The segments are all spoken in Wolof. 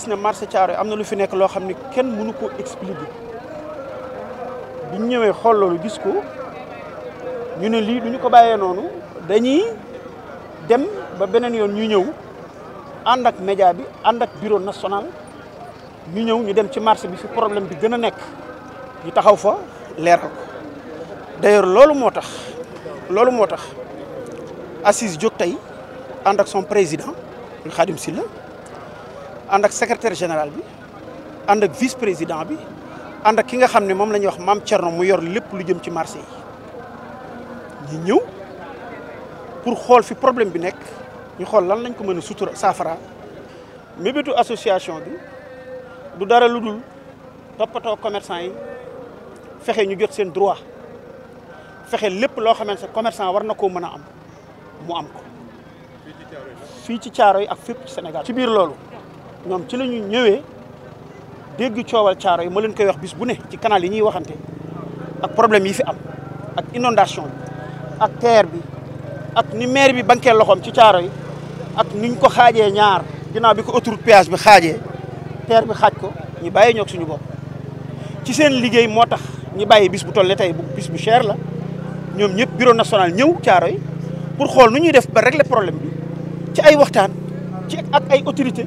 gis ne marché Thiaroye am na lu fi nekk loo xam ne kenn mënu ko expliquer bi ñëwee xool loolu gis ko ñu ne lii du ko bàyyee noonu dañuy dem ba beneen yoon ñu ñëw ànd ak média bi ànd ak bureau national ñu ñëw ñu dem ci marché bi fi problème bi gën a nekk ñu taxaw fa leeral ko d'ailleurs loolu moo tax loolu moo tax Assis jóg tey ànd ak son président Khadim Sylla Anda ak secrétaire général bi vice président bi ànd ak ki nga xamné mom lañ wax mam tierno mu yor lepp lu jëm ci marché yi ñi ñew pour xol fi problème bi nek ñu xol lan lañ ko mëna sutura safara mebetu association bi du dara lu topato commerçant yi fexé ñu jot sen droit fexé lepp lo xamné commerçant war nako mëna am mu am ko fi ci tiaroy ak fépp ci senegal ci bir ñoom ci la ñu ñëwee dégg coowal caaro yi ma leen koy wax bis bu ne ci canal yi ñuy waxante ak problème yi fi am ak inondation bi ak terre bi ak ni maire bi bankee loxoom ci caaro yi ak niñ ko xaajee ñaar ginnaaw bi ko autoroute péage bi xaajee terre bi xaaj ko ñu bàyyi ñoog suñu bopp ci seen liggéey moo tax ñu bàyyi bis bu toll ne tey bu bis bu la ñoom ñëpp bureau national ñëw caaro yi pour xool nu ñuy def ba régler problème bi ci ay waxtaan ci ak ay autorité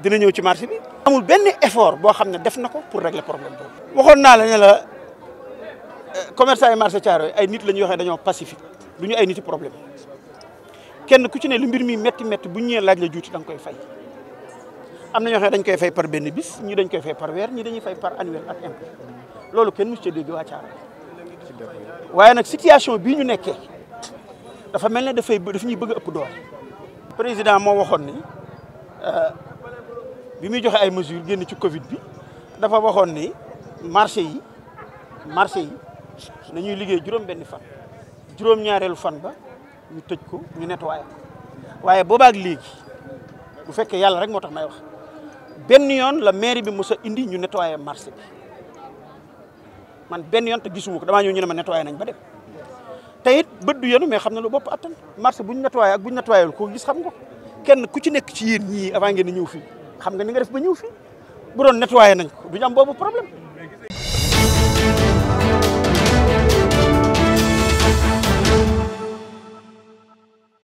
dina ñëw ci marché bi. amul benn effort boo xam ne def na ko pour regle problème boobu. waxoon naa la ne la euh, commerçant yi marché Thiaroye ay nit la ñuy waxee dañoo pacifique du ñu ay niti problème kenn ku ci ne lu mbir mii métti métti bu ñu ñëwee laaj la juuti da koy fay. am na ñoo xam dañ koy fay par benn bis ñi dañ koy fay par weer ñi dañuy fay par annuel ak impôt loolu kenn musu ca dégg waa Thiaroye waaye nag situation bii ñu nekkee dafa mel ne dafay daf ñuy bëgg a ëpp président moo waxoon ni. Euh, bi muy joxe ay mesures génn ci Covid bi dafa waxoon ni marché yi marché yi nañuy liggéey juróom benn fan juróom ñaareelu fan ba ñu ko ñu bu rek tax may wax la mairie bi a indi ñu nettoyé marché man benn te ko damaa ñëw ñu ne nañ ba dem te it bët du mais xam lu bopp attan marché bu ñu avant ngeen xam nga ni nga def ba ñëw fii bu doon nettoyé nañ ko du ñu am boobu problème